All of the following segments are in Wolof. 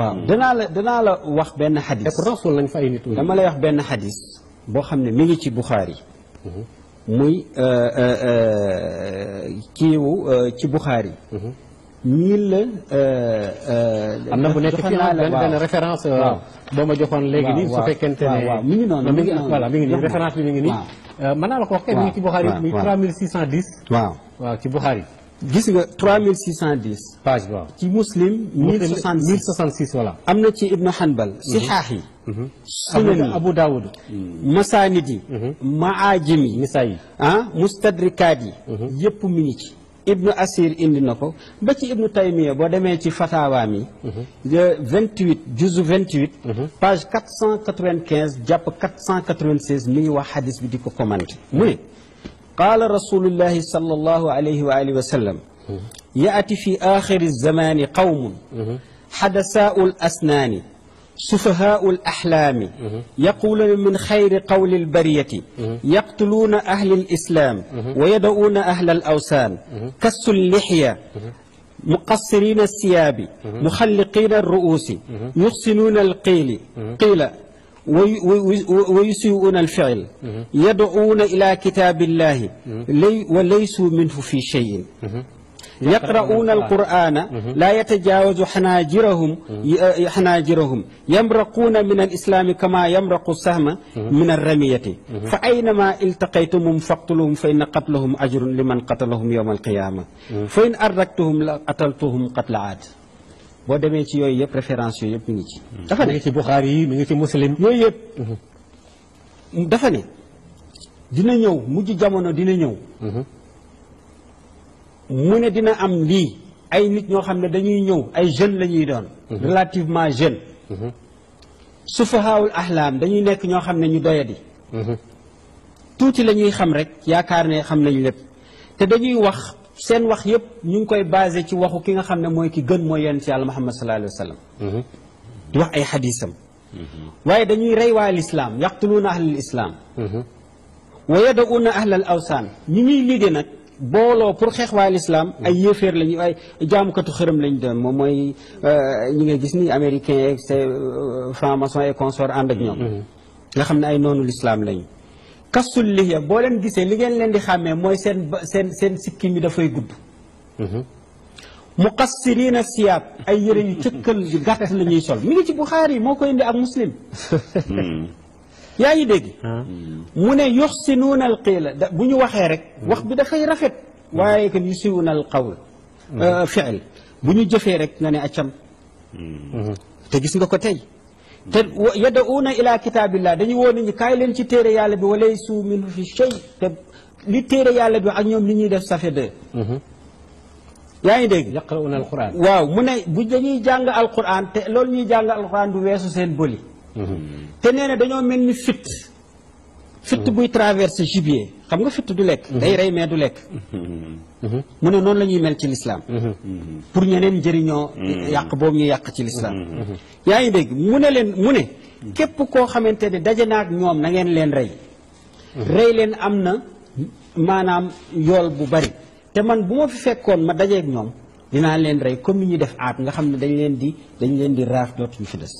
waaw danaa la danaa la wax benn xadis. et pourtant suul nañ fa ay nit. dama lay wax benn xadis boo xam ne mi ngi ci Bukhari. muy kiiwu ci Bukhari. mille. am na bu nekk fii benn benn référence. waaw boo ma joxoon léegi nii. su fekkente ne waaw mi ngi noonu mi ngi noonu voilà mi ngi nii référence bi mi ngi nii. mën naa la ko wax kay mi ngi ci Bukhari. waaw waaw muy 3610. waaw waaw ci Bukhari. gis nga 3610. page waaw ci muslim. 1066 1066 voilà. am na ci Ibnu Hanbal. Mhm. sixaax yi. Mhm. sunan Abu Dawud. Mhm. masaanid yi. maajim yi. misaa yi ah mustadrikaat yi. yëpp mu ngi ci. Ibnu Asir indi na ko ba ci Ibnu Taymiya boo demee ci fataawaam yi. le 28 juzu 28. page 495 jàpp 496 mi ngi wax xadis bi di ko commenté mu ne. قال رسول الله صلى الله عليه وآله وسلم يأتي في آخر الزمان قوم حدساء الأسنان سفهاء الأحلام يقولون من خير قول البرية يقتلون أهل الإسلام ويدعون أهل الأوثان كس اللحية مقصرين الثياب مخلقين الرؤوس يحسنون القيل قيل ويسيئون الفعل يدعون إلى كتاب الله وليسوا منه في شيء يقرؤون القرآن لا يتجاوز حناجرهم حناجرهم يمرقون من الإسلام كما يمرق السهم من الرمية فأينما التقيتمهم فاقتلوهم فإن قتلهم أجر لمن قتلهم يوم القيامة فإن أردتهم قتلتهم قتل عاد boo demee ci yooyu yëpp référence yooyu yëpp mi ngi ci. dafa ne mi ngi ci Buxaari yi mi ngi ci Muslim yooyu yëpp. Mhm. dafa ne dina ñëw mujj jamono dina ñëw. Mhm. mu ne dina am lii ay nit ñoo xam ne dañuy ñëw ay jeunes la ñuy doon. Mhm. relativement jeune. sufahaawul ahlaam dañuy nekk ñoo xam ne ñu doyadi. tuuti la ñuy xam rek yaakaar ne xam nañ lépp te dañuy wax. seen wax yëpp ñu ngi koy basé ci waxu ki nga xam ne mooy ki gën mooy ci yàlla Muhammad sallallahu alayhi wa sallam di wax ay xadiisam waaye dañuy rey waa lislaam yaqtuluuna ahlal islaam wa yada'uuna al awsan ñi ñuy liggéey nag booloo pour xeex waa lislaam ay yéeféer lañu ay jaamukatu xërëm lañu doon moom mooy ñi nga gis ni américain et franc-maçon et consort ànd ak ñoom nga xam ne ay noonu lislaam lañu kassul li ya bo len gisse li gene len di xame moy sen sen sen sikkim da fay gudd مقصرين السياب اي يري تكل يو غاتس لا نيي سول ميغي سي بوخاري موكو اندي اك مسلم يا يي ديغ مون يحسنون القيل بوني واخي رك واخ بي دا خاي رافيت واي كان يسيون القول فعل بوني جفه رك ناني اتيام تي غيس نكو كو تاي te yad'uuna ila kitaabillah dañu woo nit ñi kaay leen ci téere yàlla bi walaysa minhu fi shay te li téere yàlla bi ak ñoom li ñuy def safe de mm-hmm. yaa ngi dégg yaqra'uuna alquran waaw mu ne bu dañuy jàng alquran te loolu ñuy jàng alquran du weesu seen bëli mm-hmm. te nee dañoo mel ni fit fit mm-hmm. buy traversé gibier xam nga fitt du lekk day rey mais du lekk mu ne noonu lañuy mel ci lislaam mhm. pour ñeneen njëriñoo mhm. yàq boobu ñu yàq ci lislaam mhm. yaa ngi dégg mu ne leen mu ne képp koo xamante ne daje naag ñoom nangeen leen rey rey leen am na maanaam yool bu bari te man bu ma fi fekkoon ma dajeeg ñoom dinaa leen rey comme ni ñuy def aat nga xam ne dañ leen di dañ leen di raaf dootuñu fi des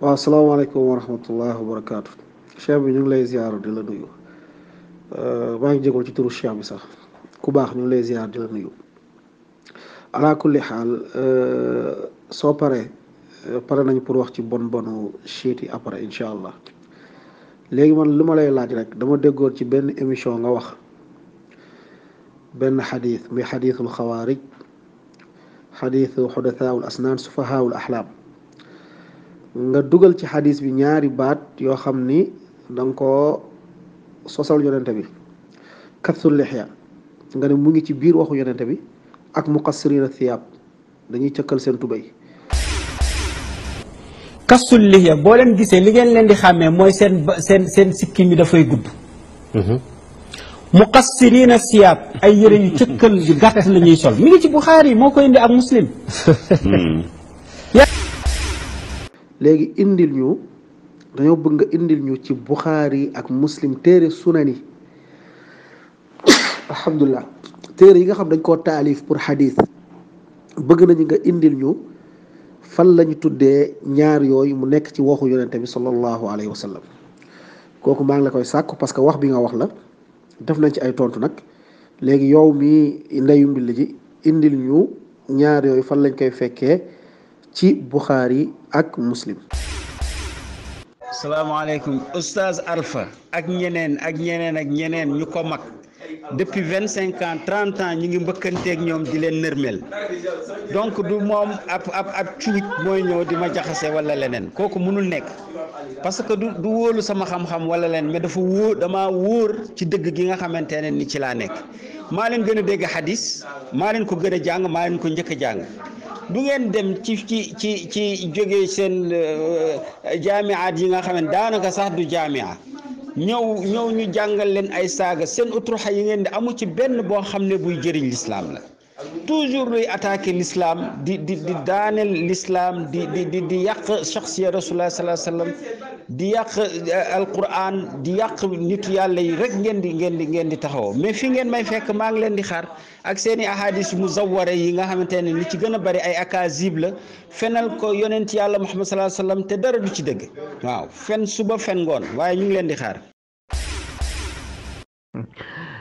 waaw asalaamaaleykum wa rahmatullah wa barakaatu cheikh bi ñu lay ziaru di la nuyu Euh, maa ngi jégalu ci turu bi sax ku baax ñu ngi lay ziar di la nuyu xaal euh, soo paree euh, pare nañ pour wax ci bon bonu chiites yi après incha allah léegi man lu ma lay laaj rek dama déggoon ci benn émission nga wax benn xadis muy xadisul xawaarij xadisu xudathaawul asnaan sufahaawul axlaam nga dugal ci xadis bi ñaari baat yoo xam ni danga ko sosol yonente bi kathul lixya nga ne mu ngi ci biir waxu yonente bi ak muqassirina thiyaab dañuy cëkkal seen tubéy kasul lixya boo leen gisee li ngeen leen di xàmmee mooy seen seen seen sikkim bi dafay gudd mm-hmm. muqassirina siyaab ay yëre yu cëkkal yu gàtt la ñuy sol mi ngi ci Buxaari moo ko indi ak muslim hmm. léegi indil ñu dañoo bëgg nga indil ñu ci buxaari ak muslim téere sunani alhamdulilah téere yi nga xam dañ koo taalif pour xadis bëgg nañu nga indil ñu fan lañu tuddee ñaar yooyu mu nekk ci waxu yonente bi sallallahu alayhi wa sallam kooku maa ngi la koy sàkku parce que wax bi nga wax la def nañ ci ay tontu nag léegi yow mi ndeyu mbill ji indil ñu ñaar yooyu fan lañ koy fekkee ci buxaari ak muslim salaamaaleykum oustaz Alpha ak ñeneen ak ñeneen ak ñeneen ñu ko mag depuis vingt cinquante ans trente ans ngi mbëkkanteeg ñoom di leen nërmeel donc du moom ab ab ab cuuj mooy ñëw di ma jaxase wala leneen kooku mënul nekk parce que du du wóolu sama xam-xam wala leen mais dafa wóor dama wóor ci dëgg gi nga xamante ne ni ci laa nekk maa leen gën a dégg xadis maa leen ko gën a jàng maa leen ko njëkk a jàng du ngeen dem ci ci ci ci jóge seen euh, jaamiaat yi nga xam ne daanaka sax du jaamia ñëw ñëw ñu jàngal leen ay saaga seen utruxa yi ngeen di amu ci benn boo xam ne buy jëriñ lislaam la toujours luy attaqué lislaam di di daaneel lislaam di di di di yàq shaxsiya rasulullah sallallahu alayhi di yàq eh, alquran di yàq nitu yàlla yi rek ngeen di ngeen di ngeen di taxawoo mais fi ngeen may fekk maa ngi leen di xaar ak seeni i ahadis mu zawwara yi nga xamante ne li ci gën a bari ay akazib la fenal ko yonent yàlla muhammad sallallahu alayhi wasallam te dara du ci dëgg waaw fen suba fen ngoon waaye ñu ngi leen di xaar.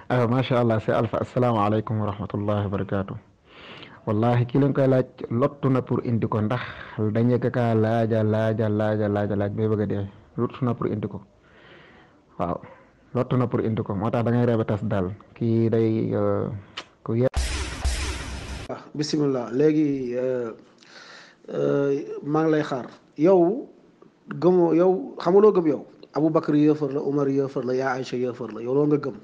Ah, macha allah si alfa asalaamaaleykum wa wallahi ki leen koy laaj lottu na pour indi ko ndax dañu ko kaa laaja laaja laaja laaja laaj bay bëgg a dee lottu na pour indi ko waaw lottu na pour indi ko moo tax da ngay reeba tas daal kii day uh, ku ah, bisimilah léegi uh, uh, maa ngi lay xaar yow gëmoo yow xamaloo gëm yow Aboubacar yëfër la Umar yëfër la yaa Aïcha yëfër la yow loolu nga gëm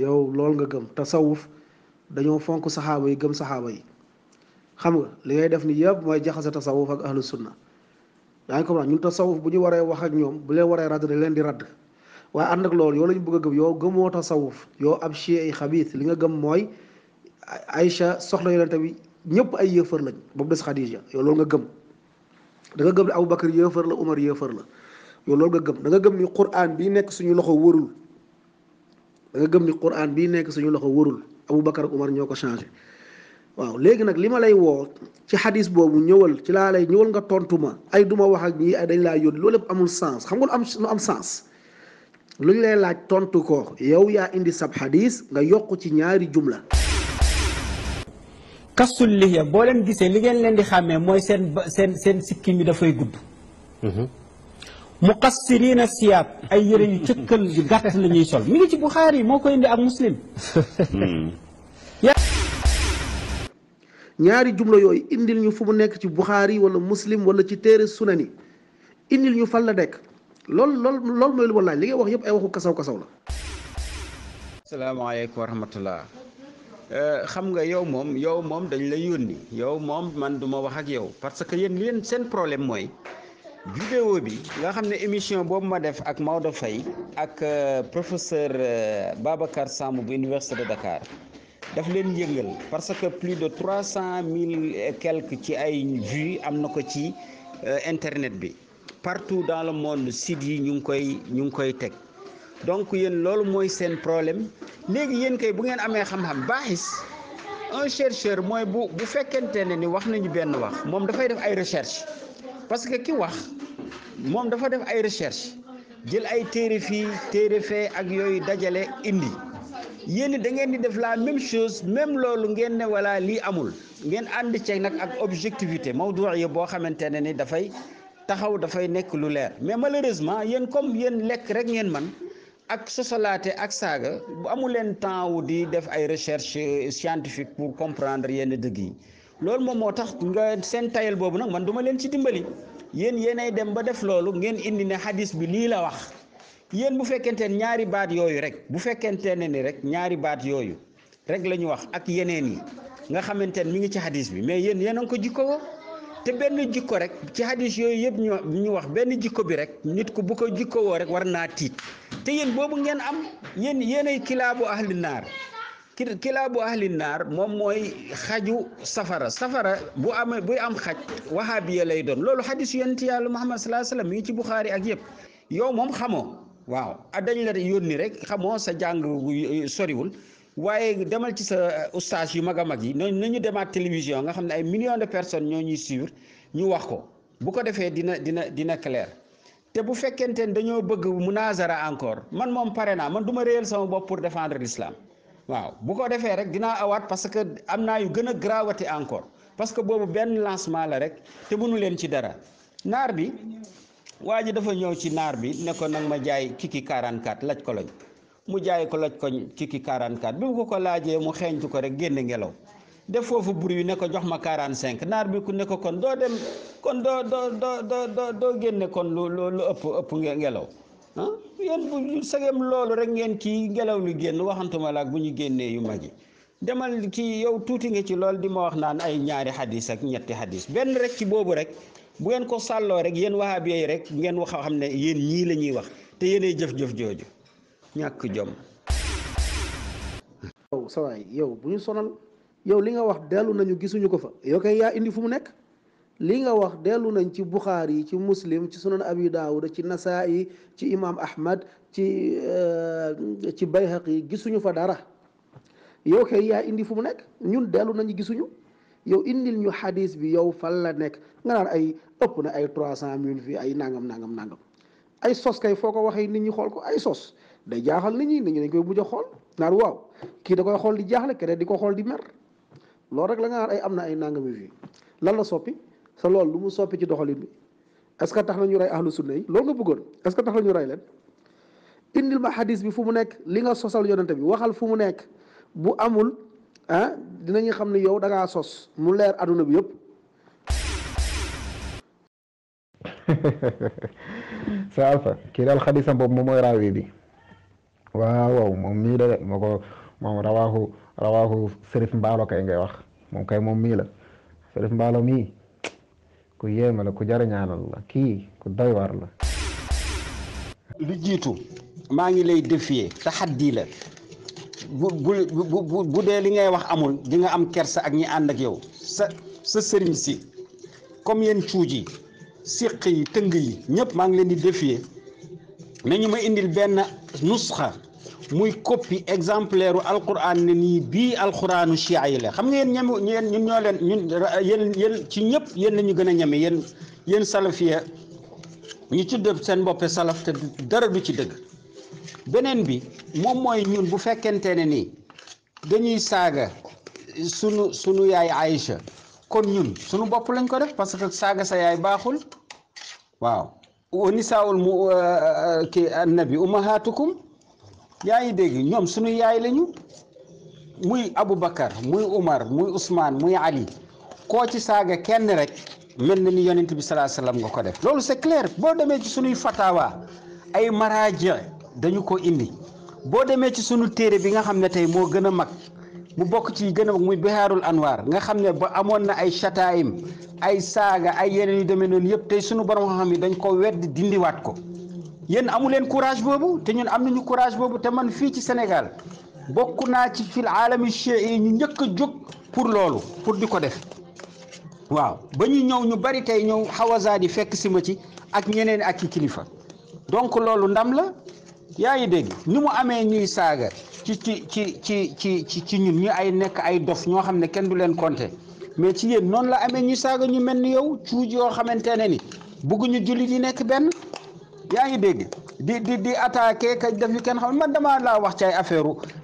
yow loolu nga gëm tasawuf dañoo fonk saxaaba yi gëm saxaaba yi xam nga li ngay def ni yëpp mooy jaxase tasawuf ak ahlu sunna yaa ngi comprendre ñun tasawuf bu ñu waree wax ak ñoom bu leen waree rad dañ leen di rad waaye ànd ak loolu yow lañu bëgg a gëm yow gëmoo tasawuf yow ab chi ay xabiis li nga gëm mooy Aïcha soxla yonente bi ñëpp ay yëfër lañ boobu des Xadija yow loolu nga gëm da nga gëm ne Aboubacar yëfër la Umar yëfër la yow loolu nga gëm da nga gëm ni Qur'an bii nekk suñu loxo wërul da nga gëm ni Qur'an bii nekk suñu loxo wërul abu Aboubacar Umar ñoo ko changé waaw léegi nag li ma lay woo ci xadiis boobu ñëwal ci laa lay ñëwal nga tontu ma ay du ma wax ak ñii dañ laa yónni loolu amul sens xam nga am lu am sens luñ lay laaj tontu ko yow yaa indi sab xadis nga yokk ci ñaari jumla. kasul liya boo leen gisee li ngeen leen di xàmmee mooy seen seen seen sikkim bi dafay gudd. Mm-hmm. muqassirina siyaab ay yëre yu cëkkal yu gàttas la ñuy sol mi ngi ci Buxaari moo indi ak muslim ñaari hmm. ya. jumla yooyu indil ñu fu mu nekk ci Buxaari wala muslim wala ci téere sunani indil ñu fan la lol lol lol lol mooy lu ma laaj li ngay wax yëpp ay waxu kasaw kasaw la asalaamaaleykum wa rahmatullah eh, xam nga yow moom yow moom dañ la yónni yow man duma wax ak yow parce que seen problème moy vidéo bi nga xam ne émission boobu ma def ak Maodo Faye ak euh, professeur euh, Babacar Samb bu université de Dakar daf leen yëngal parce que plus de trois cent mille quelques ci ay vues am na ko ci euh, internet bi partout dans le monde site yi ñu ngi koy ñu ngi koy teg donc yéen loolu mooy seen problème léegi yéen kay bu ngeen amee xam-xam baaxis un chercheur mooy bu bu fekkente ne ni wax nañu benn wax moom dafay def ay recherche parce que ki wax moom dafa def ay recherche jël ay téere fii téere fee ak yooyu dajale indi yéen da ngeen di def la même chose même loolu ngeen ne wala lii amul ngeen ànd ceeg nag ak objectivité mawdu yi boo xamante ne ni dafay taxaw dafay nekk lu leer mais malheureusement yéen comme yéen lekk rek ngeen man ak sosolaate ak saaga bu amu leen temps wu di def ay recherche scientifique pour comprendre yenn dëgg yi loolu moom moo tax nga seen tayal boobu nag man duma leen ci dimbali yéen yéenay dem ba def loolu ngeen indi ne hadis bi lii la wax yéen bu fekkente ne ñaari baat yooyu rek bu fekkente ne ni rek ñaari baat yooyu rek la ñu wax ak yeneen yi nga xamante ne mi ngi ci hadis bi mais yéen yéen a ngi ko jikkoo te benn jikko rek ci hadis yooyu yëpp ñu wax benn jikko bi rek nit ko bu ko jikko woo rek war naa tiit te yéen boobu ngeen am yéen yéenay kilaabu ahli naar ki kilaabu ahli naar moom mooy xaju safara safara bu amee buy am xaj wahaabiya lay doon loolu xadis yonent yàlla Muhammad sallallahu alayhi wasallam yi ci Buxaari ak yëpp yow moom xamoo waaw a ah, dañ la yónni rek xamoo sa jàng soriwul waaye demal ci sa ustaas yu mag a mag yi na ñu demaat télévision nga xam ne ay million de personnes ñoo ñuy suivre ñu wax ko bu ko defee dina dina dina clair te bu fekkente ne dañoo bëgg munazara encore man moom pare naa man du ma réyal sama pour défendre l'islam waaw bu ko defee rek dinaa awaat parce que am naa yu gën a grawati encore parce que boobu benn lancement la rek te mënu leen ci dara naar bi waa ji dafa ñëw ci naar bi ne ko nag ma jaay kiki 44 laj ko lañ mu jaay ko laj ko kiki 44 bi mu ko ko laajee mu xeeñtu ko rek génn ngelaw def foofu bur yu ne ko jox ma 45 naar bi ku ne ko kon doo dem kon doo doo doo doo doo génne kon lu lu ëpp ëpp ngelaw ah bu segem loolu rek ngeen kii ngelaw lu génn waxantuma laak bu ñu génnee yu mag yi demal ki yow tuuti nga ci lool di ma wax naan ay ñaari xadis ak ñetti xadis benn rek ci boobu rek bu ngeen ko sàlloo rek yéen wahaab yooyu rek ngeen wax xam ne yéen ñii la ñuy wax te yéenay jëf-jëf jooju ñàkk jom. yow sawaay yow bu ñu sonal yow li nga wax dellu nañu gisuñu ko fa yow kay yaa indi fu mu nekk. lii nga wax dellu nañ ci buxaari yi ci muslim ci sunan abi daawuda ci nasaa'i ci imam ahmad ci euh, ci bayhaqi gisuñu fa dara yow kay yaa indi fu mu nekk ñun dellu nañu gisuñu yow indi ñu xadis bi yow fan la nekk nga naan ay ëpp na ay trois cent mille fii ay nangam nangam nangam ay sos kay foo ko waxee nit ñi xool ko ay sos day jaaxal nit ñi nit ñi dañ koy mujj a xool naan waaw kii da koy xool di jaaxle keneen di ko xool di mer loolu rek la nga naan ay am na ay nangam fii lan la soppi sa lool lu mu soppi ci doxalin bi est-ce que tax na ñu rey ahlu sunna yi nga bëggoon est-ce que tax na ñu rey leen indil ma xadis bi fu mu nekk li nga sosal yonente bi waxal fu mu nekk bu amul ah dinañu xam ne yow da ngaa sos mu leer aduna bi yëpp. sa alpha kii daal xadisam boobu moom mooy raawi bi waaw moom mii la de moo ko moom rawaahu rawaahu Serif Mbaalo kay ngay wax moom kay moom mii la Serif Mbaalo mii. ku yéema la ku jar a ñaanal la kii ku doy war la. lu jiitu maa ngi lay défier taxaddi la bu bu bu bu dee li ngay wax amul di nga am kersa ak ñi ànd ak yow sa sa sëriñ si comme yéen cuuj yi siq yi tëng yi ñëpp maa ngi leen di défier nañu ma indil benn nusxa muy copie exemplaire u alquran ne nii bii alquranu chia yi la xam nga yéen ñamu yéen ñun ñoo leen ñun yéen yéen ci ñëpp yéen la ñu gën a ñeme yéen yéen salafiya ñu tudd seen boppe salaf te dara du ci dëgg beneen bi moom mooy ñun bu fekkente ne nii dañuy saaga sunu sunu yaay Aïcha kon ñun sunu bopp lañ ko def parce que saaga sa yaay baaxul waaw wa nisaawul mu euh, euh, kii annabi umahatukum yaa ngi dégg ñoom suñu yaay lañu muy Aboubacar muy Umar muy usmaan muy Ali koo ci saaga kenn rek mel na ni yonent bi salaa nga ko def loolu c'est clair boo demee ci suñuy fatawa ay maraaje dañu ko indi boo demee ci sunu téere bi nga xam ne tey moo gën a mag mu bokk ci gën a mag muy bihaarul anwaar nga xam ne ba amoon na ay chataayim ay saaga ay yeneen yu demee noonu yëpp tey sunu borom xam-xam yi dañ ko wedd dindiwaat ko yéen amu leen courage boobu te ñun am nañu courage boobu te man fii ci senegal bokk naa ci fil aalami yi ñu njëkk a jóg pour loolu pour di ko def waaw ba ñu ñëw ñu bari tey ñëw xawaza di fekk sima ci ak ñeneen ak i kilifa donc loolu ndam la yaa ngi dégg ni mu amee ñuy saaga ci ci ci ci ci ci ci ñun ñu ay nekk ay dof ñoo xam ne kenn du leen compter mais ci yéen noonu la amee ñuy saaga ñu mel ni yow cuuj yoo xamante ne ni bëgguñu julli di nekk benn. yaa ngi dégg di di di attaqué ka def yu kenn xam man damaa laa wax ci ay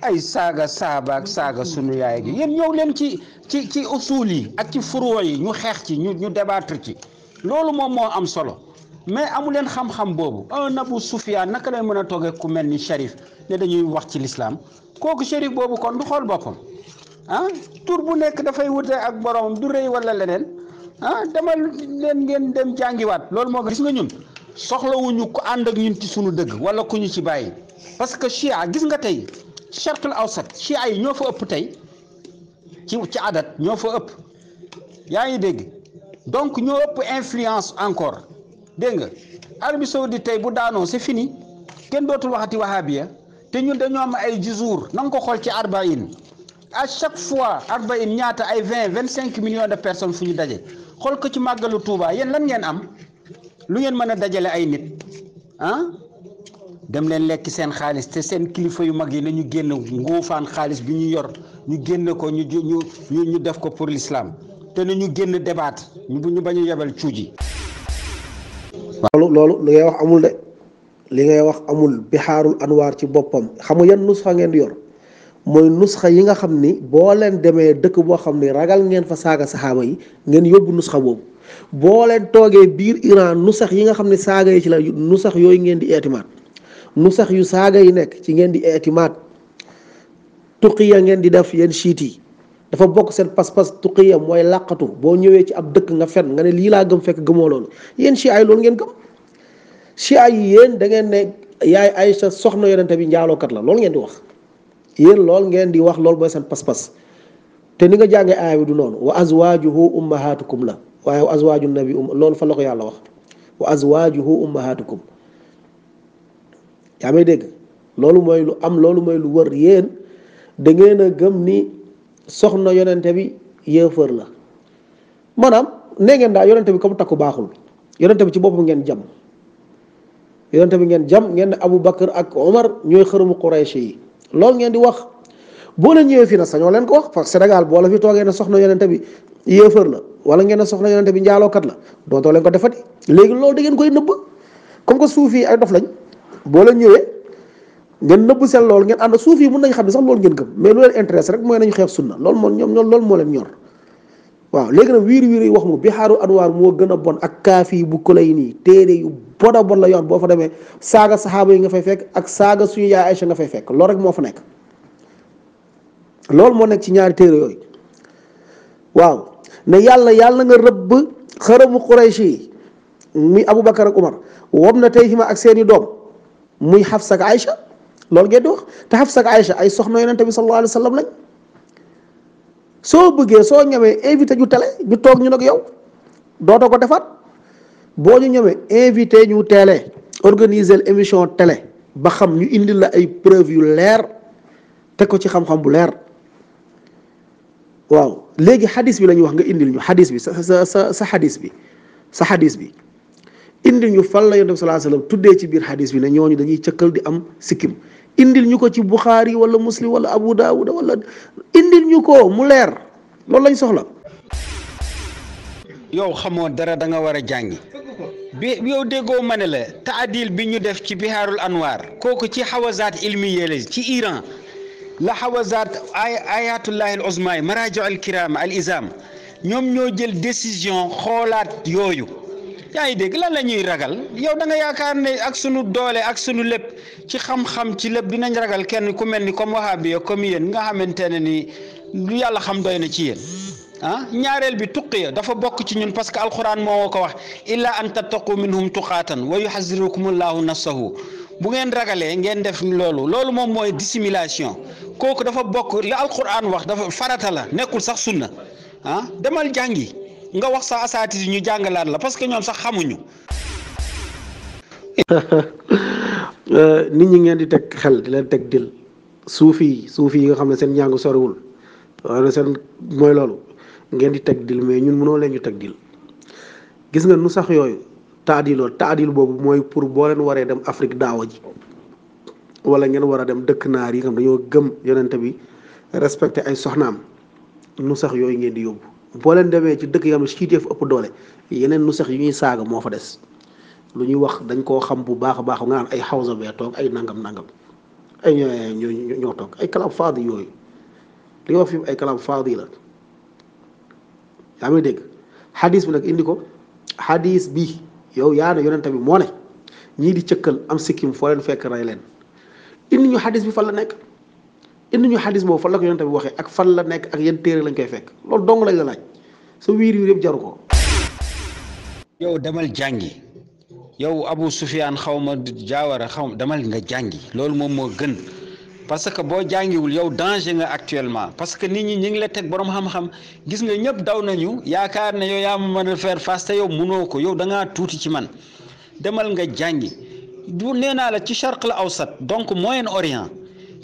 ay saaga saaba ak saaga sunu yaay gi yéen ñëw leen ci ci ci usul yi ak ci furoo yi ñu xeex ci ñu ñu débattre ci loolu moom moo am solo mais amu leen xam-xam boobu un Abu Sufyaan naka lay mën a toogee ku mel ni shérif ne dañuy wax ci lislaam kooku shérif boobu kon du xool boppam ah tur bu nekk dafay wute ak boromam du rëy wala leneen ah demal leen ngeen dem jàngiwaat loolu moo gis nga ñun. soxlawuñu ku ànd ak ñun ci suñu dëgg wala ku ñu ci bàyyi parce que chia gis nga tey chartul awsat chia yi ñoo fa ëpp tey ci ci adat ñoo fa ëpp yaa ngi dégg donc ñoo ëpp influence encore dégg nga Arabie di tey bu daanoo c'est fini kenn dootul waxati wahabiya te ñun dañoo am ay jours na nga ko xool ci arbaïn à chaque fois arbaïn ñaata ay vingt vingt cinq millions de personnes fu ñu daje xool ko ci màggalu Touba yéen lan ngeen am. lu ngeen mën a dajale ay nit ah dem leen lekk seen xaalis te seen kilifa yu mag yi nañu génn nguufaan xaalis bi ñu yor ñu génn ko ñu ñu ñu def ko pour l'islam te ñu génn débat ñu bu ñu bañ a yebal cuuji loolu loolu li ngay wax amul de li ngay wax amul bixaarul anwaar ci boppam xam nga yan nusxa ngeen yor mooy nusxa yi nga xam ni boo leen demee dëkk boo xam ni ragal ngeen fa saaga saxaaba yi ngeen yóbbu nusxa boobu Boleh toge bir biir Iran nu sax yi nga xamni saga yi ci la nu sax yooyu ngeen di etimat nu sax yu saga yi nek ci ngeen di etimat tuqiya ngeen di def yéen shiti dafa bok sen pas-pas tuqiya moy laqatu bo ñewé ci ab dekk nga fenn nga ne li la gëm fekk gëmo lool yéen shi ay lool ngeen gëm shi ay yéen da ngeen ne yaay aisha soxna yonente bi kat la lool ngeen di wax yéen lool ngeen di wax lool sen pas-pas te ni nga jangé ay du wa azwajuhu ummahatukum la waaye wa azwaaju nabi um loolu fa la ko yàlla wax wa azwaajuhu ummahatukum yaa may dégg loolu mooy lu am loolu mooy lu wër yéen da ngeen gëm ni soxna yonente bi yéefar la maanaam nee ngeen daal yonente bi comme takku baaxul yonente bi ci boppam ngeen jam yonente bi ngeen jam ngeen ne Abu Bakar ak Omar ñooy xërumu Quraysh yi loolu ngeen di wax boo la ñëwee fii na sañoo leen ko wax parce que Sénégal boo la fi toogee ne soxna yonente bi yéefar la wala ngeen soxla yonente bi kat la dootoo leen ko defati léegi loolu da ngeen koy nëbb comme que suufi ay dof lañ boo leen ñëwee ngeen nëbb seen lool ngeen ànd suufi yi mun nañ xam ne sax loolu ngeen gëm mais lu leen intéresse rek mooy nañu xeex sunna loolu moo ñoom ñoom loolu waaw léegi nag wiir wiir yi wax mu bihaaru anwaar moo gën a bon ak kaafi yi bu kolay nii téere yu bon a bon la yoon boo fa demee saaga saxaaba yi nga fay fekk ak saaga suñu yaay Aïcha nga fay fekk loolu rek moo fa nekk loolu moo nekk ci ñaari téere yooyu ne yàlla yàlla nga rëbb xërëmu quraysh yi muy aboubacar ak umar wam na tey xima ak seeni doom muy xafsa ak aïcha loolu ngeen di wax te xafsa ak aïcha ay soxna yonente bi sallallahu alayhi wa sallam lañ soo bëggee soo ñemee invité ñu télé ñu toog ñu nag yow dootoo ko defaat boo ñu ñemee invité ñu télé organiser émission télé ba xam ñu indil la ay preuve yu leer teg ko ci xam-xam bu leer waaw léegi xadis bi la ñuy wax nga indil ñu xadis bi sa sa sa sa xadis bi sa xadis bi indil ñu fan la yonent bi sallallahu alayhi wasallam tuddee ci biir xadis bi ne ñooñu dañuy cëkkal di am sikkim indil ñu ko ci Bukhari wala Muslim wala Abu Dawud wala indil ñu ko mu leer loolu lañ soxla. yow xamoo dara da nga war a jàngi. bi yow déggoo ma ne la taadil bi ñu def ci Biharul Anwar kooku ci xawazaat ilmiye la ci Iran. laxa wasaat ayatullahi al uzma marajo al kiram al izam ñoom ñoo jël décision xoolaat yooyu yaa ngi dégg lan la ñuy ragal yow da nga yaakaar ne ak sunu doole ak sunu lépp ci xam-xam ci lépp dinañ ragal kenn ku mel ni comme wahaabi ya comme yéen nga xamante ne ni lu yàlla xam doy na ci yéen ah ñaareel bi tuqiya dafa bokk ci ñun parce que alquran moo ko wax illa an tattaqu minhum tuqaatan wa yuxasirukum allahu nafsahu bu ngeen ragalee ngeen def loolu loolu moom mooy dissimulation kooku dafa bokk li alquran wax dafa farata la nekkul sax sunna ah demal jàngi nga wax sa asaati yi ñu jàngalaat la parce que ñoom sax xamuñu. Euh, nit ñi ngeen di teg xel di leen teg dil suufi yi suufi yi nga xam ne seen njàng soriwul waaye seen mooy loolu ngeen di teg dil mais ñun mënoo leen ñu teg dil gis nga nu sax yooyu taadiloo taadil boobu mooy pour boo leen waree dem Afrique daawa ji. wala ngeen war a dem dëkk naar yi nga xam dañoo gëm yonente bi respecté ay soxnaam nu sax yooyu ngeen di yóbbu boo leen demee ci dëkk yam nga xam ne ëpp doole yeneen nu sax yu ñuy saaga moo fa des lu ñuy wax dañ koo xam bu baax a baax nga naan ay xawsa bee toog ay nangam nangam ay ñoo ñoo toog ay kalaam faadi yooyu li nga fi ay kalaam faadi la yaa may dégg xadis bi nag indi ko xadis bi yow yaa ne yonente bi moo ne ñii di cëkkal am sikkim foo leen fekk rey leen indi ñu xadis bi fan la nekk indi ñu xadis boobu fan la ko yonent bi waxee ak fan la nekk ak yan téere lañ koy fekk loolu dong lañ la laaj sa wiir wiir yëpp jaru ko. yow demal jàngi yow Abu Sufyaan xaw ma jaawara xaw demal nga jàngi loolu moom moo gën parce que boo jàngiwul yow danger nga actuellement parce que nit ñi ñu ngi la teg boroom xam-xam gis nga ñëpp daw nañu yaakaar ne yow yaa ma mën a faire face te yow munoo ko yow da tuuti ci man demal nga jàngi. du nee naa la ci charq la awsat donc moyen orient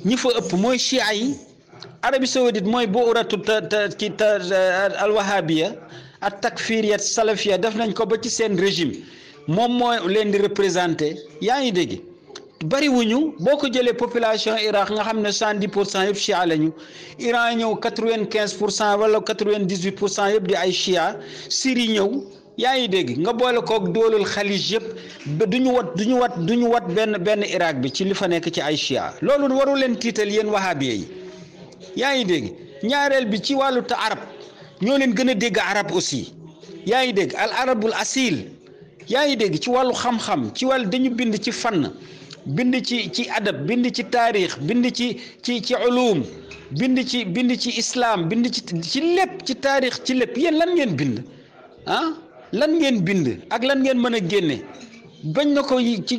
ñi fa ëpp mooy chia yi arabie saoudite mooy bu uratu ta ta ki ta alwahabiya ak takfiriyat salafiya def nañ ko ba ci seen régime moom mooy leen di représenté yaa ngi dégg bariwuñu boo ko jëlee population iran nga xam ne soixante pour cent yëpp chia lañu Iran ñëw quatre vingt quinze pour cent wala quatre vingt dix huit pour cent yëpp di ay chia Syrie ñëw yaa ngi dégg nga boole kook doolul xaliis yëpp du ñu wat du ñu wat du ñu wat benn benn Irak bi ci li fa nekk ci ay chia loolu waru leen tiital yéen wahabiya yi yaa ngi dégg ñaareel bi ci wàllu ta arab ñoo leen gën a dégg arab aussi yaa ngi dégg al arabul asil yaa ngi dégg ci wàllu xam-xam ci wàllu dañu bind ci fànn bind ci ci adab bind ci taarix bind ci ci ci ulum bind ci bind ci islam bind ci ci lépp ci taarix ci lépp yéen lan ngeen bind ah lan ngeen bind ak lan ngeen mën a génne bañ na ko ci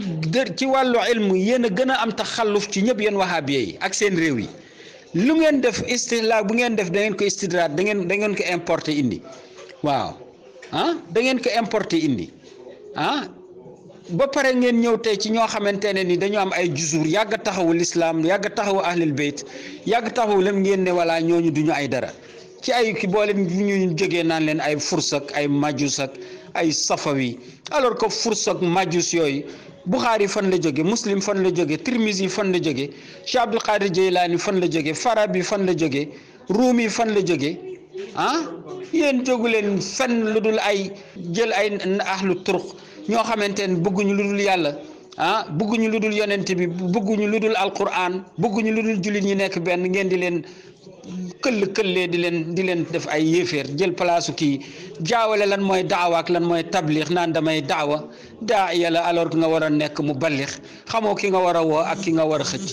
ci wàllu ilmu yéen a gën a am taxalluf ci ñëpp yéen wahaabiya yi ak seen réew yi lu ngeen def istidlal bu ngeen def da ngeen ko istidraat dangeen da ngeen ko importé indi waaw ah da ngeen ko importé indi ah ba pare ngeen ñëw tey ci ñoo xamante ne ni dañoo am ay jusuur yàgg taxawu lislaam yàgg taxawu ahlul bayt yàgg taxawu lam ngeen ne wala ñooñu duñu ay dara ci ay ki boole bi ñu jógee naan leen ay furs ay majus ak ay safawi alors que furs ak majus yooyu Buxaari fan la jóge muslim fan la jóge Tirmizi fan la jóge Cheikh Abdul Qadir Jeylaani fan la jóge Farabi fan la jóge Ruumi fan la jóge ah yéen jógu leen fenn lu dul ay jël ay ahlu turux ñoo xamante ne bëgguñu lu dul yàlla ah bëgguñu lu dul yonent bi bëgguñu lu dul alquran bëgguñu lu dul jullit ñi nekk benn ngeen di leen këll këllee di leen di leen def ay yéeféer jël palaasu kii jaawale lan mooy daawa ak lan mooy tabliix naan damay daawa daa yàlla alors que nga war a nekk mu ballix xamoo ki nga war a woo ak ki nga war a xëcc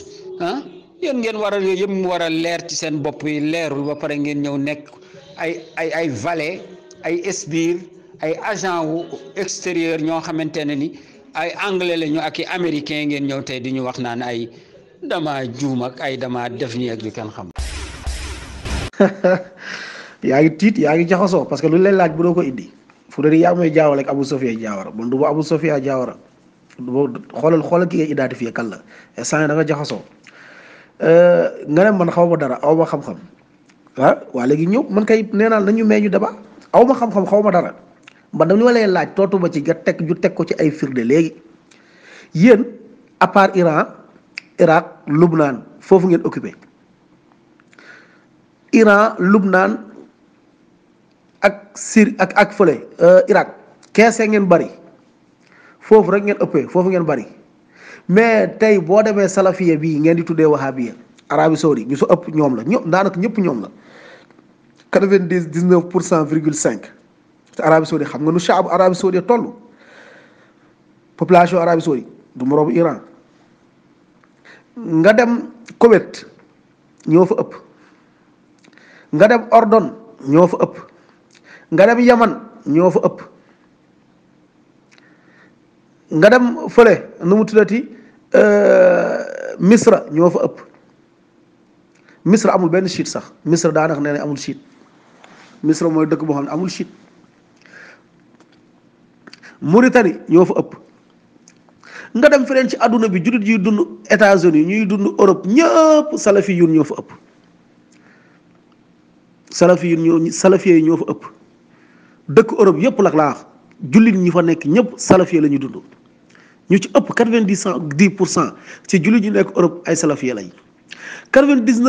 ah ngeen war a yooyu mu war leer ci seen bopp yi leerul ba pare ngeen ñëw nekk ay ay ay valet ay sbir ay agent wu extérieur ñoo xamante ne ni ay anglais la ak i américain ngeen ñëw tey di ñu wax naan ay dama juum ak ay dama def nii ak yu kenn xam yaa ngi tiit yaa ngi jaxasoo parce que lu lay laaj bu doo ko indi Fudayk yaa may jaawale ak Abu Sofia Jaawara man du ma Abu Jaawara boo xoolal xoolal ki ngay identifié kan la instant da nga jaxasoo euh, nga ne man xaw ma dara aw ma xam-xam ah waa léegi ñëw man kay nee naa nañu mee ñu débat aw ma xam-xam xaw ma dara man dama la lay laaj tootu ma ci ga teg ju teg ko ci ay firnde léegi yéen à part Iran Irak Lubnaan foofu ngeen occupé. Iran naan ak Syrie ak ak fële euh, Irak keese ngeen bari foofu rek ngeen ëppee foofu ngeen bari mais tey boo demee salafiya bii ngeen di tuddee wahabiya Arabie Saoudite ñu su ëpp ñoom la ñoom daanaka ñëpp ñoom la quatre vingt dix dix neuf pour cent virgule cinq te Arabie Saoudite xam nga nu shaabu Arabie Saoudite population Arabie Saoudite du moroomu Iran nga dem Koweït ñoo fa ëpp. nga dem ordon ñoo fa ëpp nga dem yaman ñoo fa ëpp nga dem fele nu mu euh misra ñoo fa ëpp misra amul benn chiit sax misra daanaka nee amul Shit, misra mooy dëkk boo xam ne amul Shit. muritani ñoo fa ëpp nga dem feneen ci aduna bi yi dund états ñuy dund europe ñëpp salafi yun ñoo fa ëpp salafi yi ñoo salafie yi ñoo fa ëpp dëkk Europe yëpp la laa jullit ñi fa nekk ñëpp salafie la dund ñu ci ëpp quatre vingt ci jullit ñi nekk Europe ay salafie lañ quatre vingt ci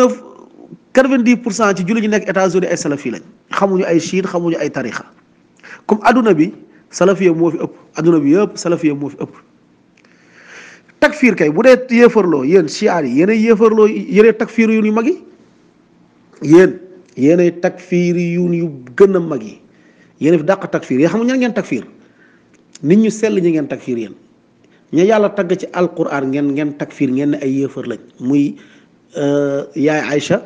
jullit ñi nekk États-Unis ay salafie lañ xamuñu ay chiite xamuñu ay tarixa comme adduna bi salafie moo fi ëpp adduna bi yëpp salafie moo fi ëpp. takfiir kay bu dee yéefarloo yéen chiaar yi yéenay yéefarloo yu ñu mag yi yéen. yene takfir yu gëna magi yene fi daq takfir ya xamu ñan ngeen takfir nit ñu sell ñi ngeen takfir yeen ña yalla tag ci alquran ngeen ngeen takfir ngeen ay yéefar lañ muy euh, yaay aisha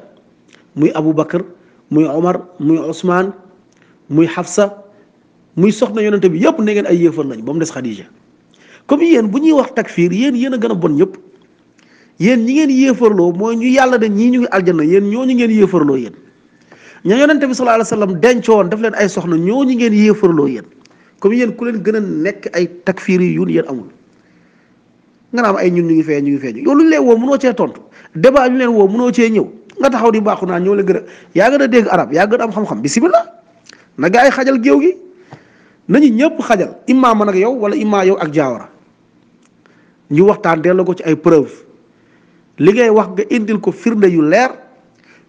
muy abubakar muy omar muy usman muy hafsa muy soxna yonente bi yépp ne ngeen ay yéefar lañ bam dess khadija bunyi comme yeen bu ñi wax takfir yeen yéen gëna bon ñëpp yeen ñi ngeen lo moy ñu yalla de ñi ñu ngi yeen ñoo ngeen lo yeen ña yonente bi sallallahu alayhi wasallam dencoon daf leen ay soxna ñoo ñooñu ngeen yéefarloo yéen comme yéen ku leen gën a nekk ay takfiir yu yun yéen amul nga naan ay ñun ñu ngi fee ñu ngi fee yow lu ñu leen woo cee tontu débat ñu leen woo mënoo cee ñëw nga taxaw di baaxu naa ñëw la gën a yaa gën dégg arab yaa gën a am xam-xam bisimilah na nagaa yi xajal géew gi nañu ñëpp xajal immaa man nag yow wala immaa yow ak jaawara ñu waxtaan delloo ko ci ay preuve li ngay wax nga indil ko firnde yu leer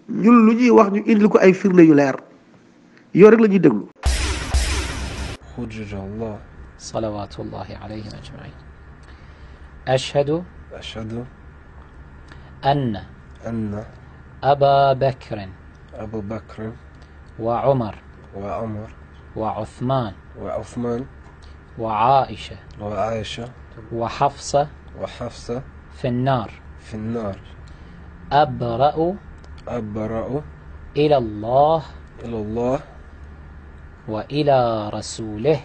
ñun lu ñuy wax ñu indil ko ay firnde yu leer yow rek la ñuy déglu حجة الله صلوات الله عليهم أجمعين أشهد أشهد أن أن أبا بكر أبو بكر وعمر وعمر وعثمان وعثمان وعائشة وعائشة وحفصة وحفصة في النار في النار أبرأ أبرأ إلى الله إلى الله وإلى رسوله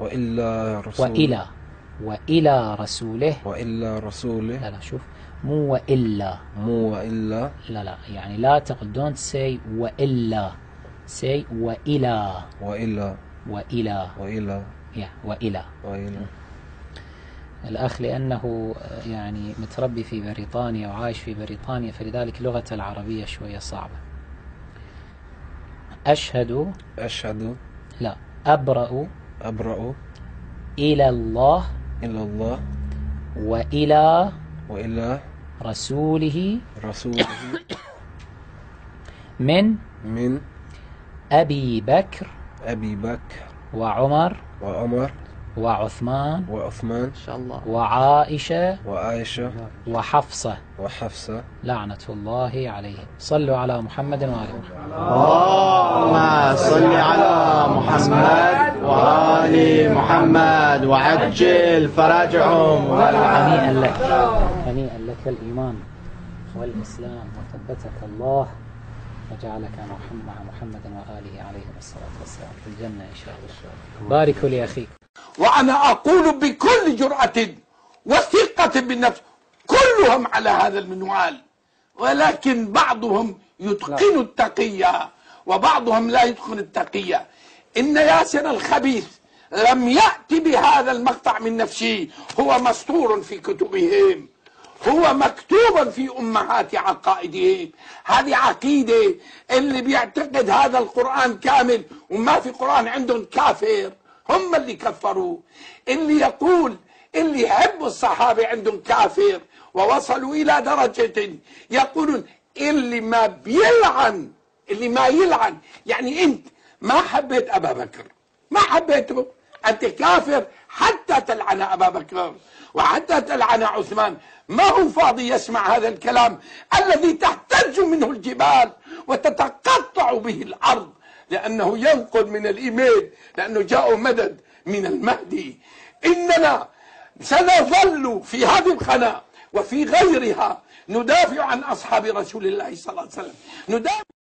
وإلا رسوله وإلى وإلى رسوله وإلا رسوله لا لا شوف مو وإلا مو وإلا لا لا يعني لا تقول don't say وإلا say وإلى وإلى وإلى وإلى yeah وإلى وإلى الأخ لأنه آه، يعني متربي في بريطانيا وعايش في بريطانيا فلذلك لغة العربية شوية صعبة أشهد أشهد لا أبرأ أبرأ إلى الله إلى الله وإلى وإلى رسوله رسوله من من أبي بكر أبي بكر وعمر وعمر وعثمان وعثمان إن شاء الله وعائشة وعائشة وحفصة وحفصة لعنة الله عليهم صلوا على محمد وآل محمد اللهم صل على محمد وآل محمد وعجل فرجهم هنيئا لك هنيئا لك الإيمان والإسلام وثبتك الله وجعلك مع محمد وآله عليه الصلاة والسلام في الجنة إن شاء الله لي لأخيك وأنا أقول بكل جرأة وثقة بالنفس كلهم على هذا المنوال ولكن بعضهم يتقن التقية وبعضهم لا يتقن التقية إن ياسر الخبيث لم يأتي بهذا المقطع من نفسه هو مستور في كتبهم هو مكتوبا في امهات عقائدهم هذه عقيده اللي بيعتقد هذا القران كامل وما في قران عندهم كافر هم اللي كفروا اللي يقول اللي يحب الصحابه عندهم كافر ووصلوا الى درجه يقولون اللي ما بيلعن اللي ما يلعن يعني انت ما حبيت ابا بكر ما حبيته انت كافر حتى تلعن ابا بكر وحتى تلعن عثمان ما هو فاضي يسمع هذا الكلام الذي تحتج منه الجبال وتتقطع به الأرض لأنه ينقل من الإيميل لأنه جاء مدد من المهدي إننا سنظل في هذه القناة وفي غيرها ندافع عن أصحاب رسول الله صلى الله عليه وسلم ندافع